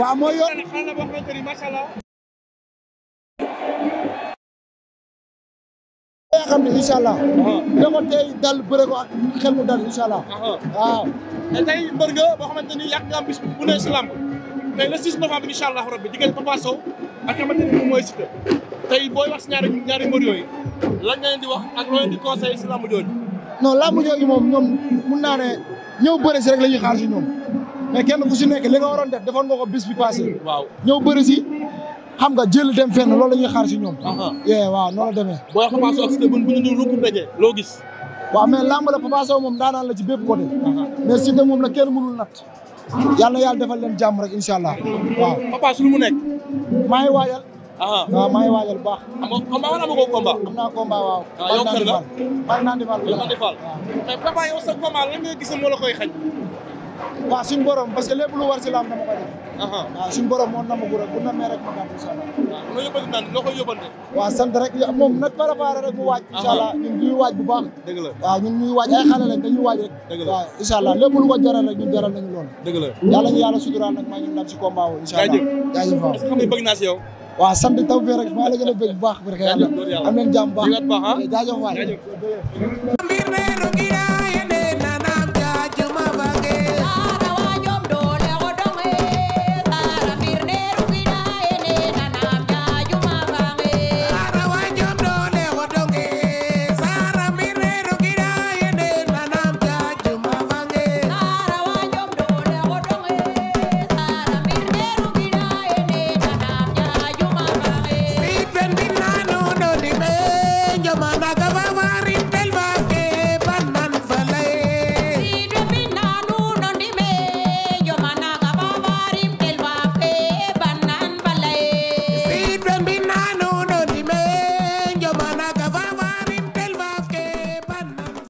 waaw mooy yoon xanaa boo xamante ni macha allah xam ne incha allah. waaw uh-huh. ko tey dal bëre ko xel mu dal incha uh-huh. waaw. mais tey mbër nga boo xamante ni yàgg nga am bis bu ne si làmb tey le 6 novembre incha allah rabbi diggante Papa Sow ak xamante ni moom mooy tey booy wax si ñaari ñaari mbër yooyu lan nga di wax ak loo leen di conseillé si làmb jooju. non làmb jooju moom ñoom mun naa ne ñëw bëre si rek la xaar si ñoom. mais kenn ku si nekk li nga waroon def defoon nga ko bis bi passé. waaw ñëw bëri si xam nga jël dem fenn loolu la ñuy xaar si ñoom. Ah, ah. yee waaw noonu la demee. boo xam Papa Sow ak bu ñu ñu rukk ndaje loo gis. waaw mais lamb la Papa Sow moom daanaan la ci bépp côté. Ah, mais Siteu moom la kenn mënul nat yàlla yàlla defal leen jàmm rek incha allah waaw. Papa su mu nekk. maa ngi waajal. waaw maa ngi waajal bu baax. am nga combat wala amagoo combat. am naa combat waaw. waaw yow kan la Baye Nandi Fall Baye waaw suñu borom parce que lépp lu war si laam dama ko def. waaw suñu borom moo nama gura bu namee rek ma gàtt incha allah. waaw loo yóbbante naan loo koy yóbbante. waaw sant rek moom nag préparé rek mu waaj. incha allah ñun ñuy waaj bu baax. dëgg la waaw ñun ñuy waaj ay xale lañ dañuy waaj rek. dëgg la waaw incha allah lépp lu ko jaral rek ñun jaral nañu loolu. dëgg la yàlla ñu yàlla suturaal nag maa ñu ndam si combat wu incha allah. jaajëf waaw est-ce que xam nga bëgg naa si yow. waaw sant taw fee rek maa la gën a bëgg bu baax barke yàlla am nañ jàmm baax ah. jaajëf waay